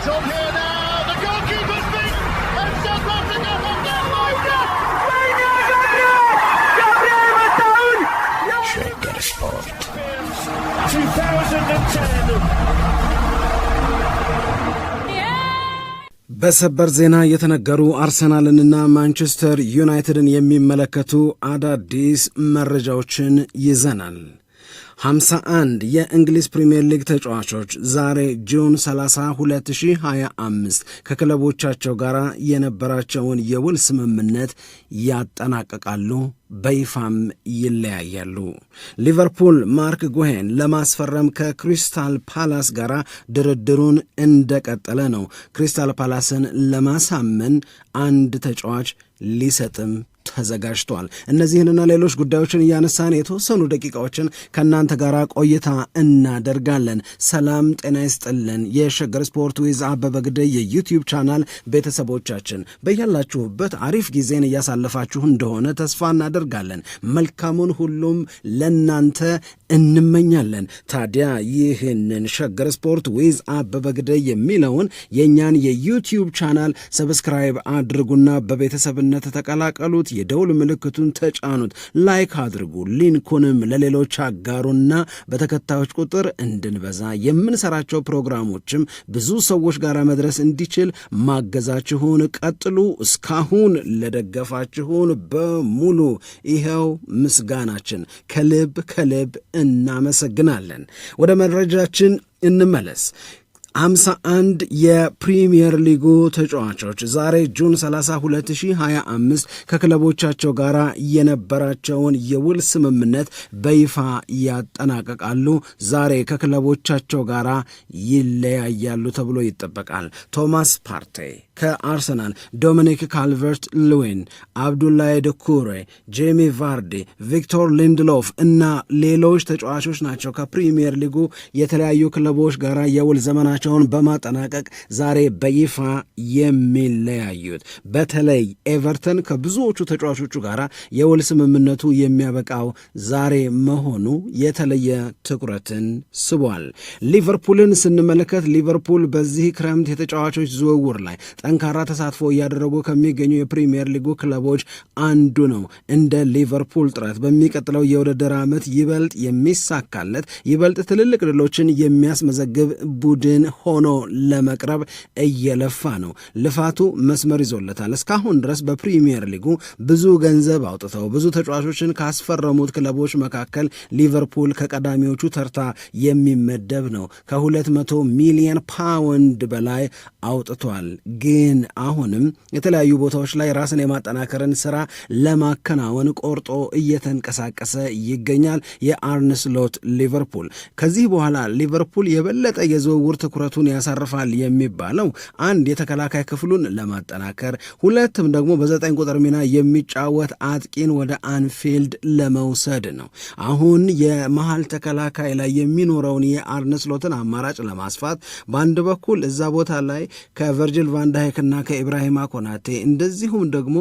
It's on here now. The goalkeeper's been and South Africa have done Shaker Sport 2010 በሰበር ዜና የተነገሩ አርሰናልንና ማንቸስተር ዩናይትድን የሚመለከቱ አዳዲስ መረጃዎችን ይዘናል። 51 የእንግሊዝ ፕሪምየር ሊግ ተጫዋቾች ዛሬ ጁን 30 2025 ከክለቦቻቸው ጋር የነበራቸውን የውል ስምምነት ያጠናቀቃሉ፣ በይፋም ይለያያሉ። ሊቨርፑል ማርክ ጎሄን ለማስፈረም ከክሪስታል ፓላስ ጋር ድርድሩን እንደቀጠለ ነው። ክሪስታል ፓላስን ለማሳመን አንድ ተጫዋች ሊሰጥም ተዘጋጅቷል። እነዚህንና ሌሎች ጉዳዮችን እያነሳን የተወሰኑ ደቂቃዎችን ከእናንተ ጋር ቆይታ እናደርጋለን። ሰላም ጤና ይስጥልን። የሸገር ስፖርት ዊዝ አበበ ግደይ ቻናል ቤተሰቦቻችን በያላችሁበት አሪፍ ጊዜን እያሳለፋችሁ እንደሆነ ተስፋ እናደርጋለን። መልካሙን ሁሉም ለናንተ እንመኛለን። ታዲያ ይህንን ሸገር ስፖርት ዊዝ አበበ ግደይ የሚለውን የእኛን የዩትዩብ ቻናል ሰብስክራይብ አድርጉና በቤተሰብነት ተቀላቀሉት። የደውል ምልክቱን ተጫኑት፣ ላይክ አድርጉ። ሊንኩንም ለሌሎች አጋሩና በተከታዮች ቁጥር እንድንበዛ የምንሰራቸው ፕሮግራሞችም ብዙ ሰዎች ጋር መድረስ እንዲችል ማገዛችሁን ቀጥሉ። እስካሁን ለደገፋችሁን በሙሉ ይኸው ምስጋናችን ከልብ ከልብ እናመሰግናለን። ወደ መረጃችን እንመለስ። አምሳ አንድ የፕሪሚየር ሊጉ ተጫዋቾች ዛሬ ጁን 30 2025 ከክለቦቻቸው ጋር የነበራቸውን የውል ስምምነት በይፋ ያጠናቀቃሉ። ዛሬ ከክለቦቻቸው ጋር ይለያያሉ ተብሎ ይጠበቃል። ቶማስ ፓርቴ ከአርሰናል፣ ዶሚኒክ ካልቨርት ልዊን፣ አብዱላይ ድኩሬ፣ ጄሚ ቫርዲ፣ ቪክቶር ሊንድሎፍ እና ሌሎች ተጫዋቾች ናቸው ከፕሪምየር ሊጉ የተለያዩ ክለቦች ጋር የውል ዘመናቸው ቆይታቸውን በማጠናቀቅ ዛሬ በይፋ የሚለያዩት። በተለይ ኤቨርተን ከብዙዎቹ ተጫዋቾቹ ጋር የውል ስምምነቱ የሚያበቃው ዛሬ መሆኑ የተለየ ትኩረትን ስቧል። ሊቨርፑልን ስንመለከት ሊቨርፑል በዚህ ክረምት የተጫዋቾች ዝውውር ላይ ጠንካራ ተሳትፎ እያደረጉ ከሚገኙ የፕሪምየር ሊጉ ክለቦች አንዱ ነው። እንደ ሊቨርፑል ጥረት በሚቀጥለው የውድድር ዓመት ይበልጥ የሚሳካለት ይበልጥ ትልልቅ ድሎችን የሚያስመዘግብ ቡድን ሆኖ ለመቅረብ እየለፋ ነው። ልፋቱ መስመር ይዞለታል። እስካሁን ድረስ በፕሪሚየር ሊጉ ብዙ ገንዘብ አውጥተው ብዙ ተጫዋቾችን ካስፈረሙት ክለቦች መካከል ሊቨርፑል ከቀዳሚዎቹ ተርታ የሚመደብ ነው። ከ200 ሚሊየን ፓውንድ በላይ አውጥቷል። ግን አሁንም የተለያዩ ቦታዎች ላይ ራስን የማጠናከርን ስራ ለማከናወን ቆርጦ እየተንቀሳቀሰ ይገኛል። የአርነ ስሎት ሊቨርፑል ከዚህ በኋላ ሊቨርፑል የበለጠ የዝውውር ትኩረት ትኩረቱን ያሳርፋል የሚባለው አንድ የተከላካይ ክፍሉን ለማጠናከር ሁለትም ደግሞ በዘጠኝ ቁጥር ሚና የሚጫወት አጥቂን ወደ አንፊልድ ለመውሰድ ነው። አሁን የመሀል ተከላካይ ላይ የሚኖረውን የአርነስሎትን አማራጭ ለማስፋት በአንድ በኩል እዛ ቦታ ላይ ከቨርጅል ቫንዳይክና ከኢብራሂማ ኮናቴ እንደዚሁም ደግሞ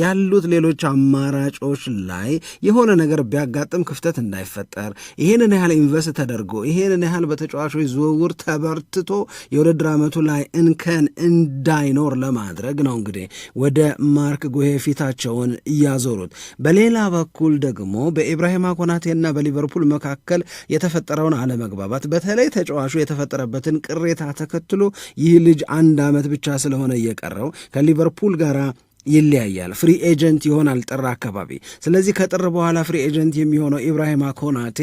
ያሉት ሌሎች አማራጮች ላይ የሆነ ነገር ቢያጋጥም ክፍተት እንዳይፈጠር ይህንን ያህል ኢንቨስት ተደርጎ ይህንን ያህል በተጫዋቾች ዝውውር ተበርት አንስቶ የውድድር ዓመቱ ላይ እንከን እንዳይኖር ለማድረግ ነው እንግዲህ ወደ ማርክ ጉሄ ፊታቸውን እያዞሩት። በሌላ በኩል ደግሞ በኢብራሂማ ኮናቴና በሊቨርፑል መካከል የተፈጠረውን አለመግባባት በተለይ ተጫዋቹ የተፈጠረበትን ቅሬታ ተከትሎ ይህ ልጅ አንድ ዓመት ብቻ ስለሆነ እየቀረው ከሊቨርፑል ጋር ይለያያል። ፍሪ ኤጀንት ይሆናል ጥር አካባቢ። ስለዚህ ከጥር በኋላ ፍሪ ኤጀንት የሚሆነው ኢብራሂማ ኮናቴ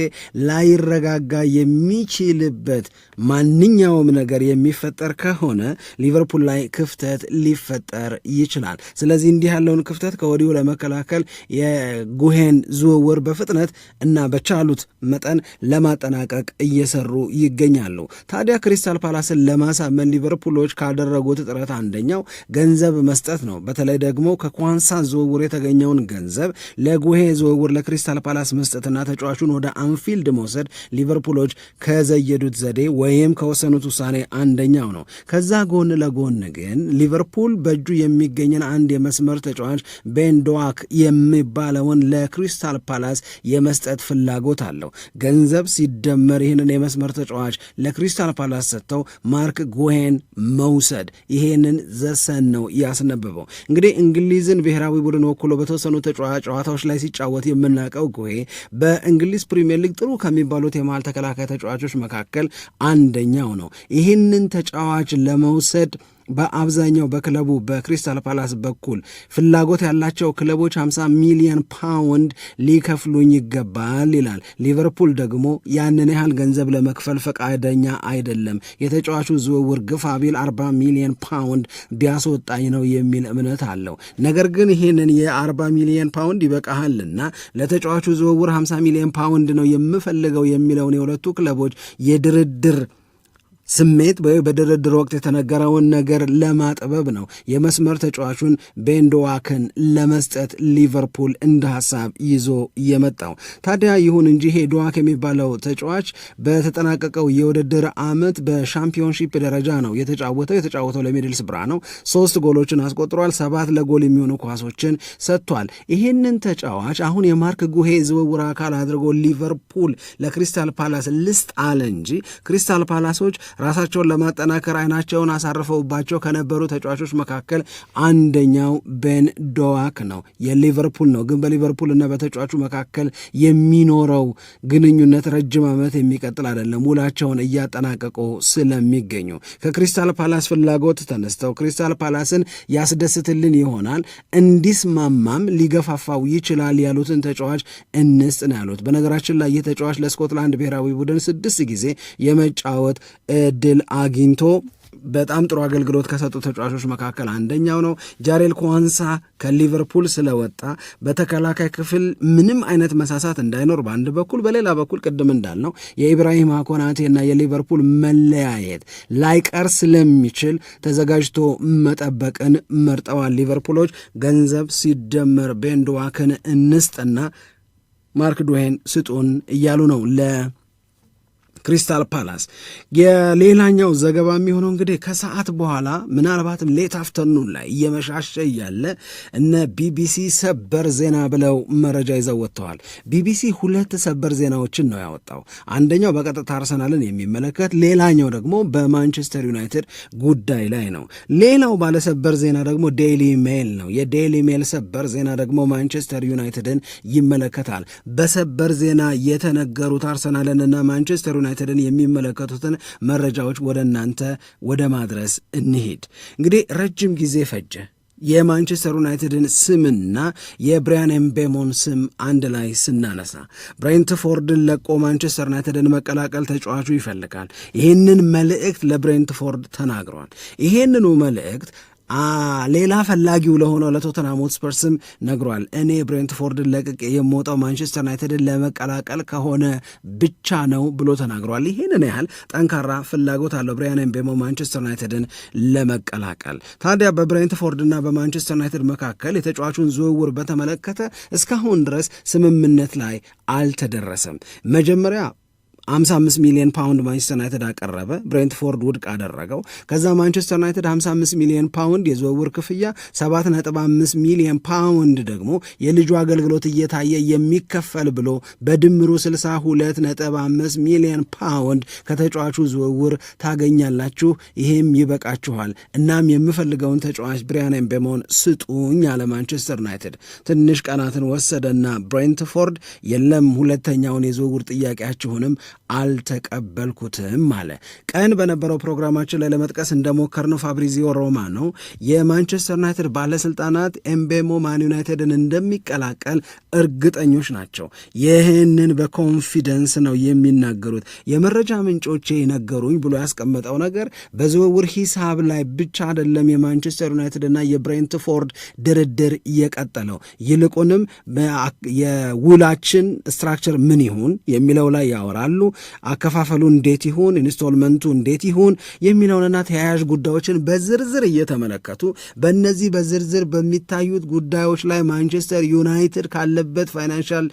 ላይረጋጋ የሚችልበት ማንኛውም ነገር የሚፈጠር ከሆነ ሊቨርፑል ላይ ክፍተት ሊፈጠር ይችላል። ስለዚህ እንዲህ ያለውን ክፍተት ከወዲሁ ለመከላከል የጉሄን ዝውውር በፍጥነት እና በቻሉት መጠን ለማጠናቀቅ እየሰሩ ይገኛሉ። ታዲያ ክሪስታል ፓላስን ለማሳመን ሊቨርፑሎች ካደረጉት ጥረት አንደኛው ገንዘብ መስጠት ነው። በተለይ ደግሞ ከኳንሳ ዝውውር የተገኘውን ገንዘብ ለጉሄ ዝውውር ለክሪስታል ፓላስ መስጠትና ተጫዋቹን ወደ አንፊልድ መውሰድ ሊቨርፑሎች ከዘየዱት ዘዴ ወይም ከወሰኑት ውሳኔ አንደኛው ነው። ከዛ ጎን ለጎን ግን ሊቨርፑል በእጁ የሚገኝን አንድ የመስመር ተጫዋች ቤንዶዋክ የሚባለውን ለክሪስታል ፓላስ የመስጠት ፍላጎት አለው። ገንዘብ ሲደመር ይህንን የመስመር ተጫዋች ለክሪስታል ፓላስ ሰጥተው ማርክ ጉሄን መውሰድ ይሄንን ዘሰን ነው ያስነበበው። እንግዲህ የእንግሊዝን ብሔራዊ ቡድን ወክሎ በተወሰኑ ጨዋታዎች ላይ ሲጫወት የምናውቀው ጎሄ በእንግሊዝ ፕሪምየር ሊግ ጥሩ ከሚባሉት የመሃል ተከላካይ ተጫዋቾች መካከል አንደኛው ነው። ይህንን ተጫዋች ለመውሰድ በአብዛኛው በክለቡ በክሪስታል ፓላስ በኩል ፍላጎት ያላቸው ክለቦች 50 ሚሊዮን ፓውንድ ሊከፍሉኝ ይገባል ይላል። ሊቨርፑል ደግሞ ያንን ያህል ገንዘብ ለመክፈል ፈቃደኛ አይደለም። የተጫዋቹ ዝውውር ግፋ ቢል 40 ሚሊዮን ፓውንድ ቢያስወጣኝ ነው የሚል እምነት አለው። ነገር ግን ይህንን የ40 ሚሊዮን ፓውንድ ይበቃሃልና ለተጫዋቹ ዝውውር 50 ሚሊዮን ፓውንድ ነው የምፈልገው የሚለውን የሁለቱ ክለቦች የድርድር ስሜት በድርድር ወቅት የተነገረውን ነገር ለማጥበብ ነው። የመስመር ተጫዋቹን ቤንዶዋክን ለመስጠት ሊቨርፑል እንደ ሀሳብ ይዞ የመጣው ታዲያ ይሁን እንጂ ይሄ የሚባለው ተጫዋች በተጠናቀቀው የውድድር ዓመት በሻምፒዮንሺፕ ደረጃ ነው የተጫወተው። የተጫወተው ለሚድልስ ብራ ነው። ሶስት ጎሎችን አስቆጥሯል። ሰባት ለጎል የሚሆኑ ኳሶችን ሰጥቷል። ይህንን ተጫዋች አሁን የማርክ ጉሄ ዝውውር አካል አድርጎ ሊቨርፑል ለክሪስታል ፓላስ ልስጥ አለ እንጂ ክሪስታል ፓላሶች ራሳቸውን ለማጠናከር አይናቸውን አሳርፈውባቸው ከነበሩ ተጫዋቾች መካከል አንደኛው ቤን ዶዋክ ነው። የሊቨርፑል ነው፣ ግን በሊቨርፑል እና በተጫዋቹ መካከል የሚኖረው ግንኙነት ረጅም ዓመት የሚቀጥል አይደለም። ውላቸውን እያጠናቀቁ ስለሚገኙ ከክሪስታል ፓላስ ፍላጎት ተነስተው ክሪስታል ፓላስን ያስደስትልን ይሆናል እንዲስማማም ሊገፋፋው ይችላል ያሉትን ተጫዋች እንስጥ ነው ያሉት። በነገራችን ላይ ይህ ተጫዋች ለስኮትላንድ ብሔራዊ ቡድን ስድስት ጊዜ የመጫወት እድል አግኝቶ በጣም ጥሩ አገልግሎት ከሰጡ ተጫዋቾች መካከል አንደኛው ነው። ጃሬል ኳንሳ ከሊቨርፑል ስለወጣ በተከላካይ ክፍል ምንም አይነት መሳሳት እንዳይኖር በአንድ በኩል በሌላ በኩል ቅድም እንዳልነው የኢብራሂም እና የሊቨርፑል መለያየት ላይቀር ስለሚችል ተዘጋጅቶ መጠበቅን መርጠዋል። ሊቨርፑሎች ገንዘብ ሲደመር ቤንድዋክን እንስጥና ማርክ ዱሄን ስጡን እያሉ ነው ለ ክሪስታል ፓላስ። የሌላኛው ዘገባ የሚሆነው እንግዲህ ከሰዓት በኋላ ምናልባትም ሌት አፍተርኑን ላይ እየመሻሸ እያለ እነ ቢቢሲ ሰበር ዜና ብለው መረጃ ይዘው ወጥተዋል። ቢቢሲ ሁለት ሰበር ዜናዎችን ነው ያወጣው። አንደኛው በቀጥታ አርሰናልን የሚመለከት፣ ሌላኛው ደግሞ በማንቸስተር ዩናይትድ ጉዳይ ላይ ነው። ሌላው ባለሰበር ዜና ደግሞ ዴይሊ ሜል ነው። የዴይሊ ሜል ሰበር ዜና ደግሞ ማንቸስተር ዩናይትድን ይመለከታል። በሰበር ዜና የተነገሩት አርሰናልንና ማንቸስተር ዩናይትድን የሚመለከቱትን መረጃዎች ወደ እናንተ ወደ ማድረስ እንሄድ። እንግዲህ ረጅም ጊዜ ፈጀ የማንቸስተር ዩናይትድን ስምና የብሪያን ኤምቤሞን ስም አንድ ላይ ስናነሳ ብሬንትፎርድን ለቆ ማንቸስተር ዩናይትድን መቀላቀል ተጫዋቹ ይፈልጋል። ይህንን መልእክት ለብሬንትፎርድ ተናግሯል። ይህንኑ መልእክት ሌላ ፈላጊው ለሆነው ለቶተንሃም ሆትስፐርስም ነግሯል። እኔ ብሬንትፎርድን ለቅቄ የምወጣው ማንቸስተር ዩናይትድን ለመቀላቀል ከሆነ ብቻ ነው ብሎ ተናግሯል። ይህንን ያህል ጠንካራ ፍላጎት አለው ብሪያን ምቤሞ ማንቸስተር ዩናይትድን ለመቀላቀል። ታዲያ በብሬንትፎርድና በማንቸስተር ዩናይትድ መካከል የተጫዋቹን ዝውውር በተመለከተ እስካሁን ድረስ ስምምነት ላይ አልተደረሰም። መጀመሪያ 55 ሚሊዮን ፓውንድ ማንቸስተር ዩናይትድ አቀረበ። ብሬንትፎርድ ውድቅ አደረገው። ከዛ ማንቸስተር ዩናይትድ 55 ሚሊዮን ፓውንድ የዝውውር ክፍያ፣ 7.5 ሚሊዮን ፓውንድ ደግሞ የልጁ አገልግሎት እየታየ የሚከፈል ብሎ በድምሩ 62.5 ሚሊዮን ፓውንድ ከተጫዋቹ ዝውውር ታገኛላችሁ፣ ይሄም ይበቃችኋል፣ እናም የምፈልገውን ተጫዋች ብሪያን ኤምቤሞን ስጡኝ አለ ማንቸስተር ዩናይትድ። ትንሽ ቀናትን ወሰደና ብሬንትፎርድ የለም ሁለተኛውን የዝውውር ጥያቄያችሁንም አልተቀበልኩትም አለ። ቀን በነበረው ፕሮግራማችን ላይ ለመጥቀስ እንደሞከርነው ፋብሪዚዮ ሮማኖ ነው የማንቸስተር ዩናይትድ ባለስልጣናት ኤምቤሞ ማን ዩናይትድን እንደሚቀላቀል እርግጠኞች ናቸው። ይህንን በኮንፊደንስ ነው የሚናገሩት። የመረጃ ምንጮቼ ነገሩኝ ብሎ ያስቀመጠው ነገር በዝውውር ሂሳብ ላይ ብቻ አይደለም የማንቸስተር ዩናይትድና የብሬንትፎርድ ድርድር እየቀጠለው ይልቁንም የውላችን ስትራክቸር ምን ይሁን የሚለው ላይ ያወራሉ። አከፋፈሉ እንዴት ይሁን፣ ኢንስቶልመንቱ እንዴት ይሁን የሚለውንና ተያያዥ ጉዳዮችን በዝርዝር እየተመለከቱ በእነዚህ በዝርዝር በሚታዩት ጉዳዮች ላይ ማንቸስተር ዩናይትድ ካለበት ፋይናንሻል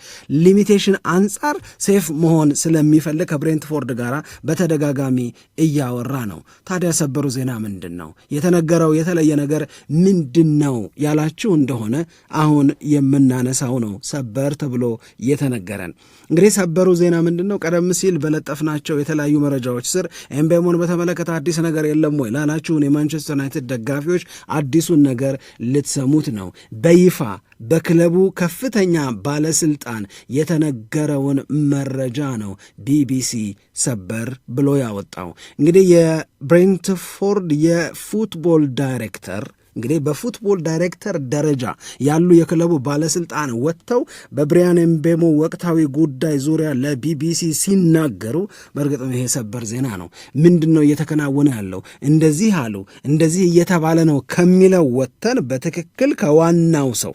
ሊሚቴሽን አንጻር ሴፍ መሆን ስለሚፈልግ ከብሬንትፎርድ ጋር በተደጋጋሚ እያወራ ነው። ታዲያ ሰበሩ ዜና ምንድን ነው? የተነገረው የተለየ ነገር ምንድን ነው ያላችሁ እንደሆነ አሁን የምናነሳው ነው። ሰበር ተብሎ የተነገረን እንግዲህ ሰበሩ ዜና ምንድን ነው? ቀደም ሲል በለጠፍናቸው የተለያዩ መረጃዎች ስር ኤምቤሞን በተመለከተ አዲስ ነገር የለም ወይ ላላችሁን የማንቸስተር ዩናይትድ ደጋፊዎች አዲሱን ነገር ልትሰሙት ነው። በይፋ በክለቡ ከፍተኛ ባለስልጣን የተነገረውን መረጃ ነው ቢቢሲ ሰበር ብሎ ያወጣው። እንግዲህ የብሬንትፎርድ የፉትቦል ዳይሬክተር እንግዲህ በፉትቦል ዳይሬክተር ደረጃ ያሉ የክለቡ ባለስልጣን ወጥተው በብሪያን ኤምቤሞ ወቅታዊ ጉዳይ ዙሪያ ለቢቢሲ ሲናገሩ በእርግጥም ይሄ ሰበር ዜና ነው። ምንድን ነው እየተከናወነ ያለው? እንደዚህ አሉ፣ እንደዚህ እየተባለ ነው ከሚለው ወጥተን በትክክል ከዋናው ሰው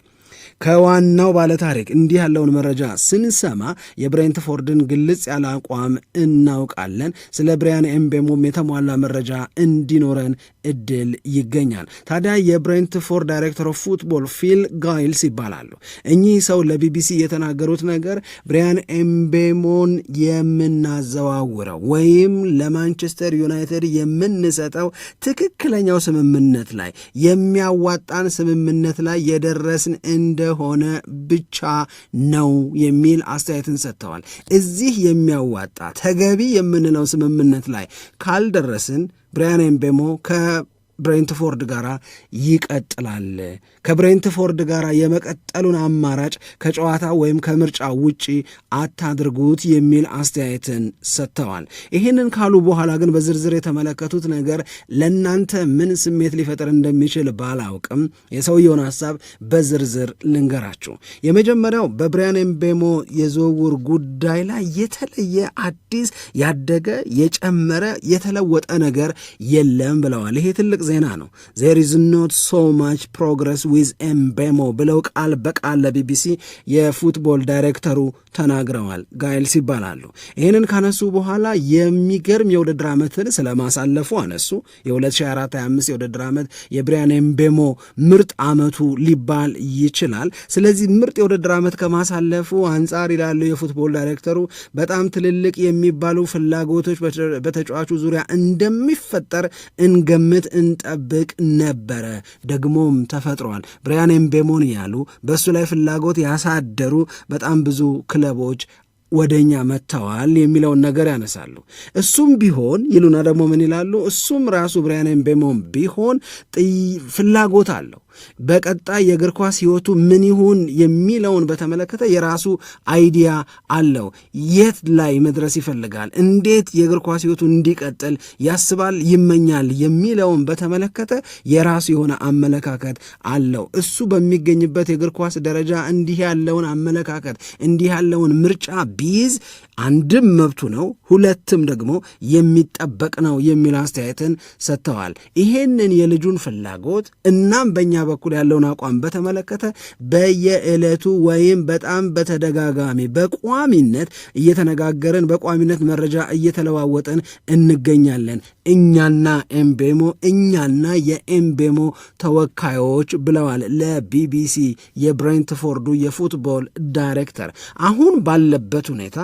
ከዋናው ባለታሪክ እንዲህ ያለውን መረጃ ስንሰማ የብሬንትፎርድን ግልጽ ያለ አቋም እናውቃለን። ስለ ብሪያን ኤምቤሞም የተሟላ መረጃ እንዲኖረን እድል ይገኛል። ታዲያ የብሬንትፎርድ ዳይሬክተር ኦፍ ፉትቦል ፊል ጋይልስ ይባላሉ። እኚህ ሰው ለቢቢሲ የተናገሩት ነገር ብሪያን ኤምቤሞን የምናዘዋውረው ወይም ለማንቸስተር ዩናይትድ የምንሰጠው ትክክለኛው ስምምነት ላይ የሚያዋጣን ስምምነት ላይ የደረስን እንደሆነ ብቻ ነው የሚል አስተያየትን ሰጥተዋል። እዚህ የሚያዋጣ ተገቢ የምንለው ስምምነት ላይ ካልደረስን Brian Mbemo ka ብሬንትፎርድ ጋር ይቀጥላል። ከብሬንትፎርድ ጋር የመቀጠሉን አማራጭ ከጨዋታ ወይም ከምርጫ ውጪ አታድርጉት የሚል አስተያየትን ሰጥተዋል። ይህንን ካሉ በኋላ ግን በዝርዝር የተመለከቱት ነገር ለእናንተ ምን ስሜት ሊፈጥር እንደሚችል ባላውቅም የሰውየውን ሀሳብ በዝርዝር ልንገራችሁ። የመጀመሪያው በብሪያን ኤምቤሞ የዝውውር ጉዳይ ላይ የተለየ አዲስ ያደገ የጨመረ የተለወጠ ነገር የለም ብለዋል። ይሄ ትልቅ ዜና ነው። ዜር ኢዝ ኖት ሶ ማች ፕሮግረስ ዊዝ ኤምቤሞ ብለው ቃል በቃል ለቢቢሲ የፉትቦል ዳይሬክተሩ ተናግረዋል። ጋይልስ ይባላሉ። ይህንን ካነሱ በኋላ የሚገርም የውድድር ዓመትን ስለማሳለፉ አነሱ። የ2425 የውድድር ዓመት የብሪያን ኤምቤሞ ምርጥ ዓመቱ ሊባል ይችላል። ስለዚህ ምርጥ የውድድር ዓመት ከማሳለፉ አንጻር ይላሉ የፉትቦል ዳይሬክተሩ በጣም ትልልቅ የሚባሉ ፍላጎቶች በተጫዋቹ ዙሪያ እንደሚፈጠር እንገምት፣ ስንጠብቅ ነበረ፣ ደግሞም ተፈጥሯል። ብሪያን ኤምቤሞን ያሉ በእሱ ላይ ፍላጎት ያሳደሩ በጣም ብዙ ክለቦች ወደኛ መጥተዋል የሚለውን ነገር ያነሳሉ። እሱም ቢሆን ይሉና ደግሞ ምን ይላሉ? እሱም ራሱ ብሪያን ኤምቤሞን ቢሆን ፍላጎት አለው በቀጣይ የእግር ኳስ ህይወቱ ምን ይሁን የሚለውን በተመለከተ የራሱ አይዲያ አለው። የት ላይ መድረስ ይፈልጋል፣ እንዴት የእግር ኳስ ህይወቱ እንዲቀጥል ያስባል፣ ይመኛል የሚለውን በተመለከተ የራሱ የሆነ አመለካከት አለው። እሱ በሚገኝበት የእግር ኳስ ደረጃ እንዲህ ያለውን አመለካከት እንዲህ ያለውን ምርጫ ቢይዝ አንድም መብቱ ነው፣ ሁለትም ደግሞ የሚጠበቅ ነው የሚል አስተያየትን ሰጥተዋል። ይሄንን የልጁን ፍላጎት እናም በእኛ በኩል ያለውን አቋም በተመለከተ በየዕለቱ ወይም በጣም በተደጋጋሚ በቋሚነት እየተነጋገርን በቋሚነት መረጃ እየተለዋወጠን እንገኛለን። እኛና ኤምቤሞ እኛና የኤምቤሞ ተወካዮች ብለዋል ለቢቢሲ የብሬንትፎርዱ የፉትቦል ዳይሬክተር። አሁን ባለበት ሁኔታ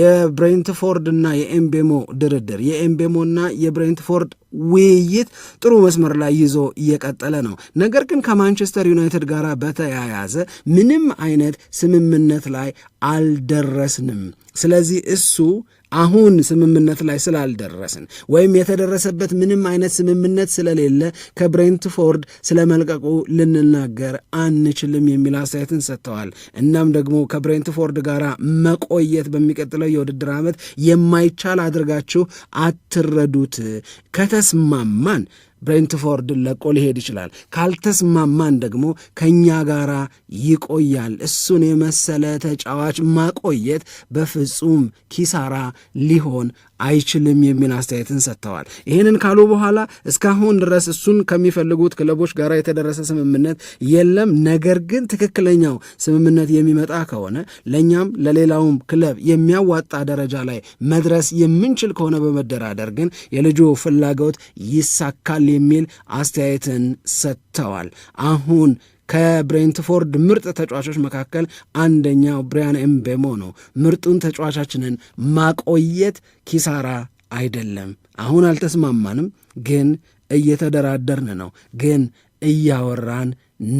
የብሬንትፎርድና የኤምቤሞ ድርድር የኤምቤሞና የብሬንትፎርድ ውይይት ጥሩ መስመር ላይ ይዞ እየቀጠለ ነው። ነገር ግን ከማንቸስተር ዩናይትድ ጋር በተያያዘ ምንም አይነት ስምምነት ላይ አልደረስንም። ስለዚህ እሱ አሁን ስምምነት ላይ ስላልደረስን ወይም የተደረሰበት ምንም አይነት ስምምነት ስለሌለ ከብሬንትፎርድ ስለመልቀቁ ልንናገር አንችልም የሚል አስተያየትን ሰጥተዋል። እናም ደግሞ ከብሬንትፎርድ ጋር መቆየት በሚቀጥለው የውድድር ዓመት የማይቻል አድርጋችሁ አትረዱት ከተስማማን ብሬንትፎርድን ለቆ ሊሄድ ይችላል። ካልተስማማን ደግሞ ከእኛ ጋር ይቆያል። እሱን የመሰለ ተጫዋች ማቆየት በፍጹም ኪሳራ ሊሆን አይችልም የሚል አስተያየትን ሰጥተዋል። ይህንን ካሉ በኋላ እስካሁን ድረስ እሱን ከሚፈልጉት ክለቦች ጋር የተደረሰ ስምምነት የለም፣ ነገር ግን ትክክለኛው ስምምነት የሚመጣ ከሆነ ለእኛም ለሌላውም ክለብ የሚያዋጣ ደረጃ ላይ መድረስ የምንችል ከሆነ በመደራደር ግን የልጁ ፍላጎት ይሳካል የሚል አስተያየትን ሰጥተዋል። አሁን ከብሬንትፎርድ ምርጥ ተጫዋቾች መካከል አንደኛው ብሪያን ኤምቤሞ ነው። ምርጡን ተጫዋቻችንን ማቆየት ኪሳራ አይደለም። አሁን አልተስማማንም፣ ግን እየተደራደርን ነው፣ ግን እያወራን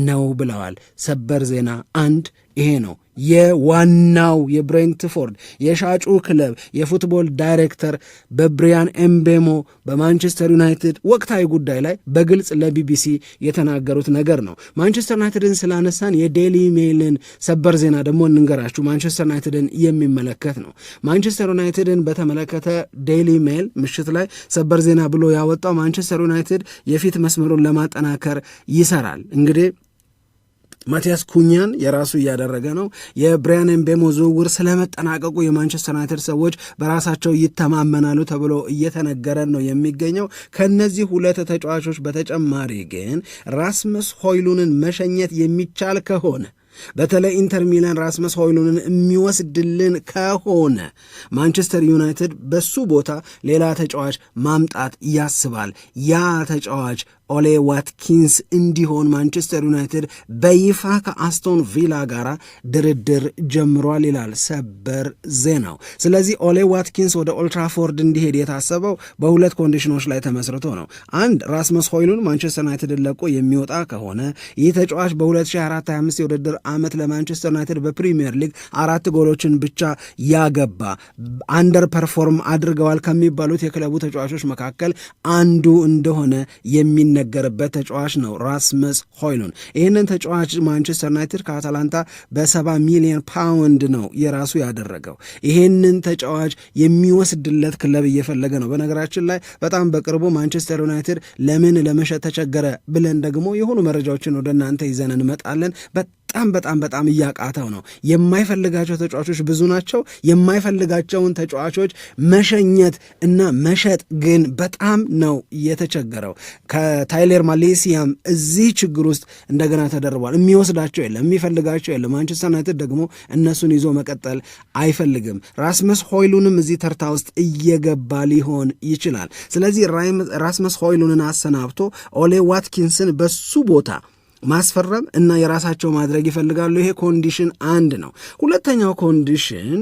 ነው ብለዋል። ሰበር ዜና አንድ ይሄ ነው። የዋናው የብሬንትፎርድ የሻጩ ክለብ የፉትቦል ዳይሬክተር በብሪያን ኤምቤሞ በማንቸስተር ዩናይትድ ወቅታዊ ጉዳይ ላይ በግልጽ ለቢቢሲ የተናገሩት ነገር ነው። ማንቸስተር ዩናይትድን ስላነሳን የዴሊ ሜይልን ሰበር ዜና ደግሞ እንንገራችሁ። ማንቸስተር ዩናይትድን የሚመለከት ነው። ማንቸስተር ዩናይትድን በተመለከተ ዴሊ ሜይል ምሽት ላይ ሰበር ዜና ብሎ ያወጣው ማንቸስተር ዩናይትድ የፊት መስመሩን ለማጠናከር ይሰራል እንግዲህ ማቲያስ ኩኛን የራሱ እያደረገ ነው። የብሪያን ኤምቤሞ ዝውውር ስለመጠናቀቁ የማንቸስተር ዩናይትድ ሰዎች በራሳቸው ይተማመናሉ ተብሎ እየተነገረን ነው የሚገኘው። ከነዚህ ሁለት ተጫዋቾች በተጨማሪ ግን ራስመስ ሆይሉንን መሸኘት የሚቻል ከሆነ በተለይ ኢንተር ሚላን ራስመስ ሆይሉንን የሚወስድልን ከሆነ ማንቸስተር ዩናይትድ በሱ ቦታ ሌላ ተጫዋች ማምጣት ያስባል። ያ ተጫዋች ኦሌ ዋትኪንስ እንዲሆን ማንቸስተር ዩናይትድ በይፋ ከአስቶን ቪላ ጋር ድርድር ጀምሯል ይላል ሰበር ዜናው። ስለዚህ ኦሌ ዋትኪንስ ወደ ኦልትራፎርድ እንዲሄድ የታሰበው በሁለት ኮንዲሽኖች ላይ ተመስርቶ ነው። አንድ ራስመስ ሆይሉን ማንቸስተር ዩናይትድ ለቆ የሚወጣ ከሆነ ይህ ተጫዋች በ2024/25 የውድድር ዓመት ለማንቸስተር ዩናይትድ በፕሪምየር ሊግ አራት ጎሎችን ብቻ ያገባ አንደር ፐርፎርም አድርገዋል ከሚባሉት የክለቡ ተጫዋቾች መካከል አንዱ እንደሆነ የሚነ የሚነገርበት ተጫዋች ነው ራስመስ ሆይሉን። ይህንን ተጫዋች ማንቸስተር ዩናይትድ ከአታላንታ በሰባ ሚሊዮን ፓውንድ ነው የራሱ ያደረገው። ይህንን ተጫዋች የሚወስድለት ክለብ እየፈለገ ነው። በነገራችን ላይ በጣም በቅርቡ ማንቸስተር ዩናይትድ ለምን ለመሸጥ ተቸገረ ብለን ደግሞ የሆኑ መረጃዎችን ወደ እናንተ ይዘን እንመጣለን። በጣም በጣም በጣም እያቃተው ነው። የማይፈልጋቸው ተጫዋቾች ብዙ ናቸው። የማይፈልጋቸውን ተጫዋቾች መሸኘት እና መሸጥ ግን በጣም ነው የተቸገረው። ከታይለር ማሌሲያም እዚህ ችግር ውስጥ እንደገና ተደርቧል። የሚወስዳቸው የለም፣ የሚፈልጋቸው የለም። ማንቸስተር ዩናይትድ ደግሞ እነሱን ይዞ መቀጠል አይፈልግም። ራስመስ ሆይሉንም እዚህ ተርታ ውስጥ እየገባ ሊሆን ይችላል። ስለዚህ ራስመስ ሆይሉንን አሰናብቶ ኦሌ ዋትኪንስን በሱ ቦታ ማስፈረም እና የራሳቸው ማድረግ ይፈልጋሉ። ይሄ ኮንዲሽን አንድ ነው። ሁለተኛው ኮንዲሽን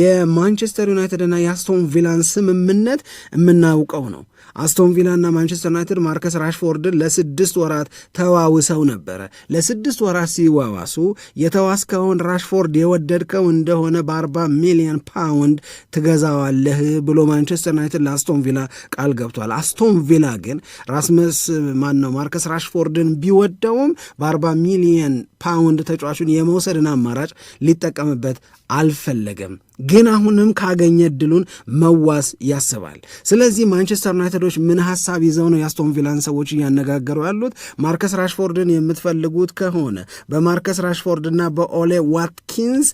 የማንቸስተር እና የአስቶን ቪላን ስምምነት የምናውቀው ነው። አስቶን ቪላና ማንቸስተር ዩናይትድ ማርከስ ራሽፎርድን ለስድስት ወራት ተዋውሰው ነበረ። ለስድስት ወራት ሲዋዋሱ የተዋስከውን ራሽፎርድ የወደድከው እንደሆነ በአርባ ሚሊዮን ፓውንድ ትገዛዋለህ ብሎ ማንቸስተር ዩናይትድ ለአስቶን ቪላ ቃል ገብቷል። አስቶን ቪላ ግን ራስመስ ማን ነው ማርከስ ራሽፎርድን ቢወደውም በ40 ሚሊዮን ፓውንድ ተጫዋቹን የመውሰድን አማራጭ ሊጠቀምበት አልፈለገም። ግን አሁንም ካገኘ እድሉን መዋስ ያስባል። ስለዚህ ማንቸስተር ዩናይትዶች ምን ሀሳብ ይዘው ነው የአስቶን ቪላን ሰዎች እያነጋገሩ ያሉት? ማርከስ ራሽፎርድን የምትፈልጉት ከሆነ በማርከስ ራሽፎርድና በኦሌ ዋትኪንስ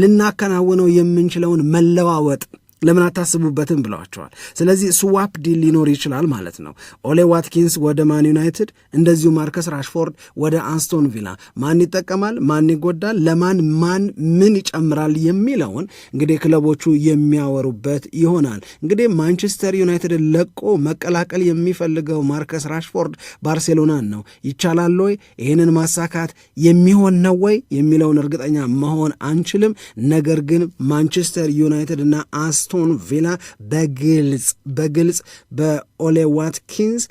ልናከናውነው የምንችለውን መለዋወጥ ለምን አታስቡበትም ብለዋቸዋል። ስለዚህ ስዋፕ ዲል ሊኖር ይችላል ማለት ነው። ኦሌ ዋትኪንስ ወደ ማን ዩናይትድ፣ እንደዚሁ ማርከስ ራሽፎርድ ወደ አስቶን ቪላ። ማን ይጠቀማል፣ ማን ይጎዳል፣ ለማን ማን ምን ይጨምራል የሚለውን እንግዲህ ክለቦቹ የሚያወሩበት ይሆናል። እንግዲህ ማንቸስተር ዩናይትድን ለቆ መቀላቀል የሚፈልገው ማርከስ ራሽፎርድ ባርሴሎናን ነው። ይቻላል ወይ ይህንን ማሳካት የሚሆን ነው ወይ የሚለውን እርግጠኛ መሆን አንችልም። ነገር ግን ማንቸስተር ዩናይትድ እና አስ አስቶን ቪላ በግልጽ በግልጽ በኦሌ ዋትኪንስ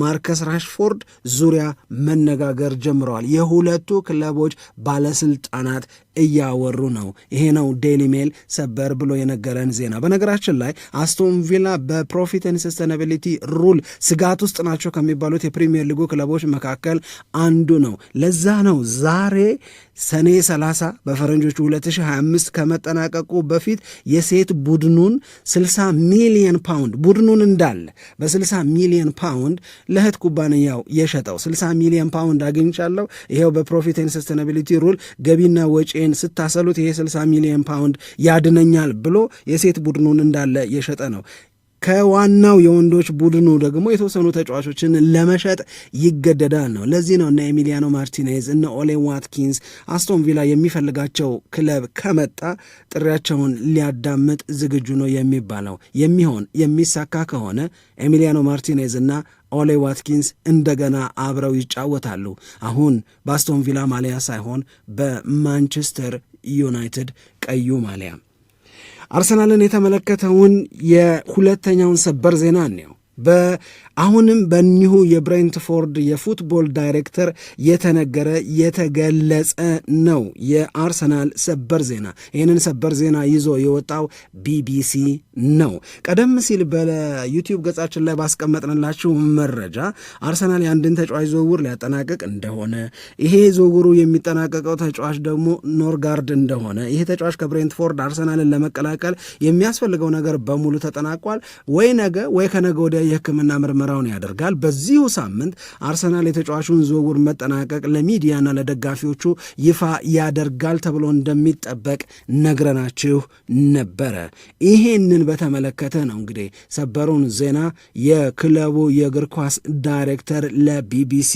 ማርከስ ራሽፎርድ ዙሪያ መነጋገር ጀምረዋል። የሁለቱ ክለቦች ባለስልጣናት እያወሩ ነው። ይሄ ነው ዴሊ ሜል ሰበር ብሎ የነገረን ዜና። በነገራችን ላይ አስቶን ቪላ በፕሮፊት ኤንድ ሰስተናቢሊቲ ሩል ስጋት ውስጥ ናቸው ከሚባሉት የፕሪሚየር ሊጉ ክለቦች መካከል አንዱ ነው። ለዛ ነው ዛሬ ሰኔ 30 በፈረንጆቹ 2025 ከመጠናቀቁ በፊት የሴት ቡድኑን 60 ሚሊየን ፓውንድ ቡድኑን እንዳለ በ60 ሚሊየን ፓውንድ ለእህት ኩባንያው የሸጠው 60 ሚሊዮን ፓውንድ አግኝቻለሁ። ይሄው በፕሮፊት ኤን ሰስተናቢሊቲ ሩል ገቢና ወጪን ስታሰሉት ይሄ 60 ሚሊዮን ፓውንድ ያድነኛል ብሎ የሴት ቡድኑን እንዳለ የሸጠ ነው። ከዋናው የወንዶች ቡድኑ ደግሞ የተወሰኑ ተጫዋቾችን ለመሸጥ ይገደዳል ነው። ለዚህ ነው እነ ኤሚሊያኖ ማርቲኔዝ እነ ኦሌ ዋትኪንስ አስቶን ቪላ የሚፈልጋቸው ክለብ ከመጣ ጥሪያቸውን ሊያዳምጥ ዝግጁ ነው የሚባለው። የሚሆን የሚሳካ ከሆነ ኤሚሊያኖ ማርቲኔዝ እና ኦሌ ዋትኪንስ እንደገና አብረው ይጫወታሉ። አሁን በአስቶን ቪላ ማሊያ ሳይሆን በማንቸስተር ዩናይትድ ቀዩ ማሊያ። አርሰናልን የተመለከተውን የሁለተኛውን ሰበር ዜና እንየው። አሁንም በኒሁ የብሬንትፎርድ የፉትቦል ዳይሬክተር የተነገረ የተገለጸ ነው የአርሰናል ሰበር ዜና። ይህንን ሰበር ዜና ይዞ የወጣው ቢቢሲ ነው። ቀደም ሲል በዩቲዩብ ገጻችን ላይ ባስቀመጥንላችሁ መረጃ አርሰናል የአንድን ተጫዋች ዝውውር ሊያጠናቅቅ እንደሆነ፣ ይሄ ዝውውሩ የሚጠናቀቀው ተጫዋች ደግሞ ኖርጋርድ እንደሆነ፣ ይሄ ተጫዋች ከብሬንትፎርድ አርሰናልን ለመቀላቀል የሚያስፈልገው ነገር በሙሉ ተጠናቋል ወይ ነገ ወይ ከነገ ወዲያ የሕክምና ምርመራውን ያደርጋል። በዚሁ ሳምንት አርሰናል የተጫዋቹን ዝውውር መጠናቀቅ ለሚዲያና ለደጋፊዎቹ ይፋ ያደርጋል ተብሎ እንደሚጠበቅ ነግረናችሁ ነበረ። ይሄንን በተመለከተ ነው እንግዲህ ሰበሩን ዜና የክለቡ የእግር ኳስ ዳይሬክተር ለቢቢሲ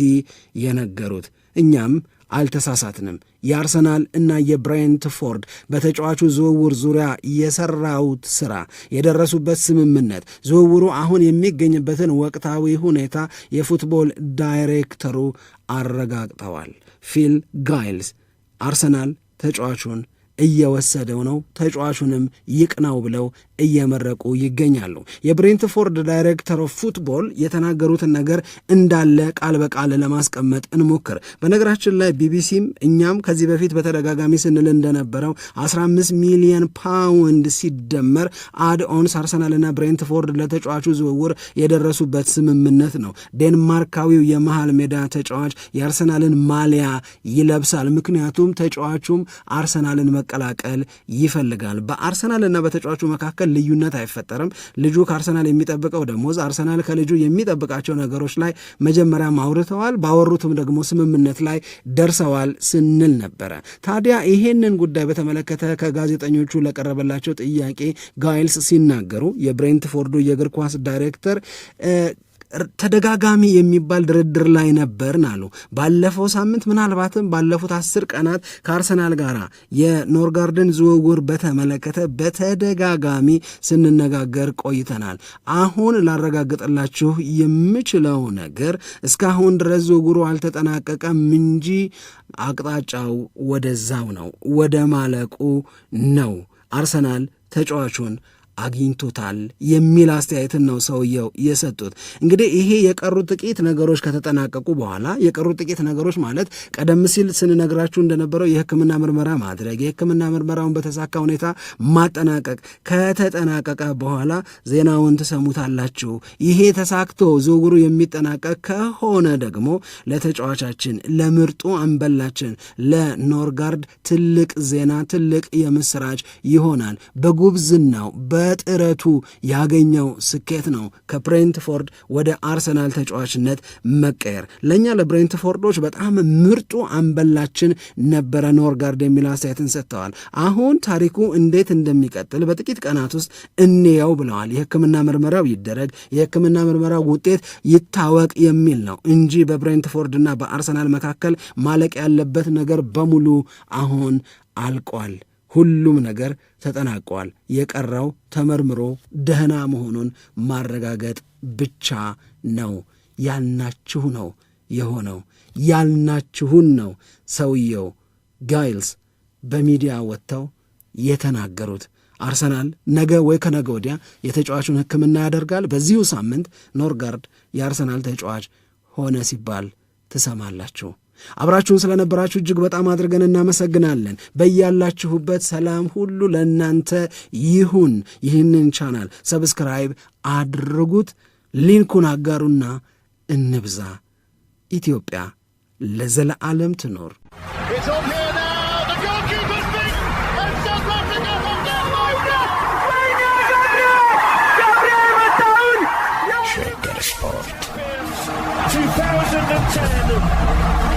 የነገሩት እኛም አልተሳሳትንም። የአርሰናል እና ፎርድ በተጫዋቹ ዝውውር ዙሪያ የሰራውት ስራ፣ የደረሱበት ስምምነት፣ ዝውውሩ አሁን የሚገኝበትን ወቅታዊ ሁኔታ የፉትቦል ዳይሬክተሩ አረጋግጠዋል። ፊል ጋይልስ አርሰናል ተጫዋቹን እየወሰደው ነው። ተጫዋቹንም ይቅናው ብለው እየመረቁ ይገኛሉ። የብሬንትፎርድ ዳይሬክተር ኦፍ ፉትቦል የተናገሩትን ነገር እንዳለ ቃል በቃል ለማስቀመጥ እንሞክር። በነገራችን ላይ ቢቢሲም እኛም ከዚህ በፊት በተደጋጋሚ ስንል እንደነበረው 15 ሚሊዮን ፓውንድ ሲደመር አድ ኦንስ አርሰናልና ብሬንትፎርድ ለተጫዋቹ ዝውውር የደረሱበት ስምምነት ነው። ዴንማርካዊው የመሃል ሜዳ ተጫዋች የአርሰናልን ማሊያ ይለብሳል። ምክንያቱም ተጫዋቹም አርሰናልን መ መቀላቀል ይፈልጋል። በአርሰናልና በተጫዋቹ መካከል ልዩነት አይፈጠርም። ልጁ ከአርሰናል የሚጠብቀው ደሞዝ፣ አርሰናል ከልጁ የሚጠብቃቸው ነገሮች ላይ መጀመሪያም አውርተዋል፣ ባወሩትም ደግሞ ስምምነት ላይ ደርሰዋል ስንል ነበረ። ታዲያ ይሄንን ጉዳይ በተመለከተ ከጋዜጠኞቹ ለቀረበላቸው ጥያቄ ጋይልስ ሲናገሩ የብሬንትፎርዱ የእግር ኳስ ዳይሬክተር ተደጋጋሚ የሚባል ድርድር ላይ ነበርን አሉ። ባለፈው ሳምንት ምናልባትም ባለፉት አስር ቀናት ከአርሰናል ጋር የኖርጋርደን ዝውውር በተመለከተ በተደጋጋሚ ስንነጋገር ቆይተናል። አሁን ላረጋግጥላችሁ የምችለው ነገር እስካሁን ድረስ ዝውውሩ አልተጠናቀቀም እንጂ አቅጣጫው ወደዛው ነው፣ ወደ ማለቁ ነው። አርሰናል ተጫዋቹን አግኝቶታል የሚል አስተያየትን ነው ሰውየው የሰጡት። እንግዲህ ይሄ የቀሩ ጥቂት ነገሮች ከተጠናቀቁ በኋላ የቀሩ ጥቂት ነገሮች ማለት ቀደም ሲል ስንነግራችሁ እንደነበረው የሕክምና ምርመራ ማድረግ፣ የሕክምና ምርመራውን በተሳካ ሁኔታ ማጠናቀቅ። ከተጠናቀቀ በኋላ ዜናውን ትሰሙታላችሁ። ይሄ ተሳክቶ ዝውውሩ የሚጠናቀቅ ከሆነ ደግሞ ለተጫዋቻችን ለምርጡ አምበላችን ለኖርጋርድ ትልቅ ዜና፣ ትልቅ የምስራች ይሆናል። በጉብዝናው በ በጥረቱ ያገኘው ስኬት ነው ከብሬንትፎርድ ወደ አርሰናል ተጫዋችነት መቀየር። ለእኛ ለብሬንትፎርዶች በጣም ምርጡ አምበላችን ነበረ ኖርጋርድ የሚል አስተያየትን ሰጥተዋል። አሁን ታሪኩ እንዴት እንደሚቀጥል በጥቂት ቀናት ውስጥ እንየው ብለዋል። የህክምና ምርመራው ይደረግ፣ የህክምና ምርመራው ውጤት ይታወቅ የሚል ነው እንጂ በብሬንትፎርድና በአርሰናል መካከል ማለቅ ያለበት ነገር በሙሉ አሁን አልቋል ሁሉም ነገር ተጠናቋል። የቀረው ተመርምሮ ደህና መሆኑን ማረጋገጥ ብቻ ነው። ያልናችሁ ነው የሆነው። ያልናችሁን ነው ሰውየው ጋይልስ በሚዲያ ወጥተው የተናገሩት። አርሰናል ነገ ወይ ከነገ ወዲያ የተጫዋቹን ሕክምና ያደርጋል። በዚሁ ሳምንት ኖርጋርድ የአርሰናል ተጫዋች ሆነ ሲባል ትሰማላችሁ። አብራችሁን ስለነበራችሁ እጅግ በጣም አድርገን እናመሰግናለን። በያላችሁበት ሰላም ሁሉ ለእናንተ ይሁን። ይህንን ቻናል ሰብስክራይብ አድርጉት፣ ሊንኩን አጋሩና እንብዛ። ኢትዮጵያ ለዘለዓለም ትኖር። Sport. 2010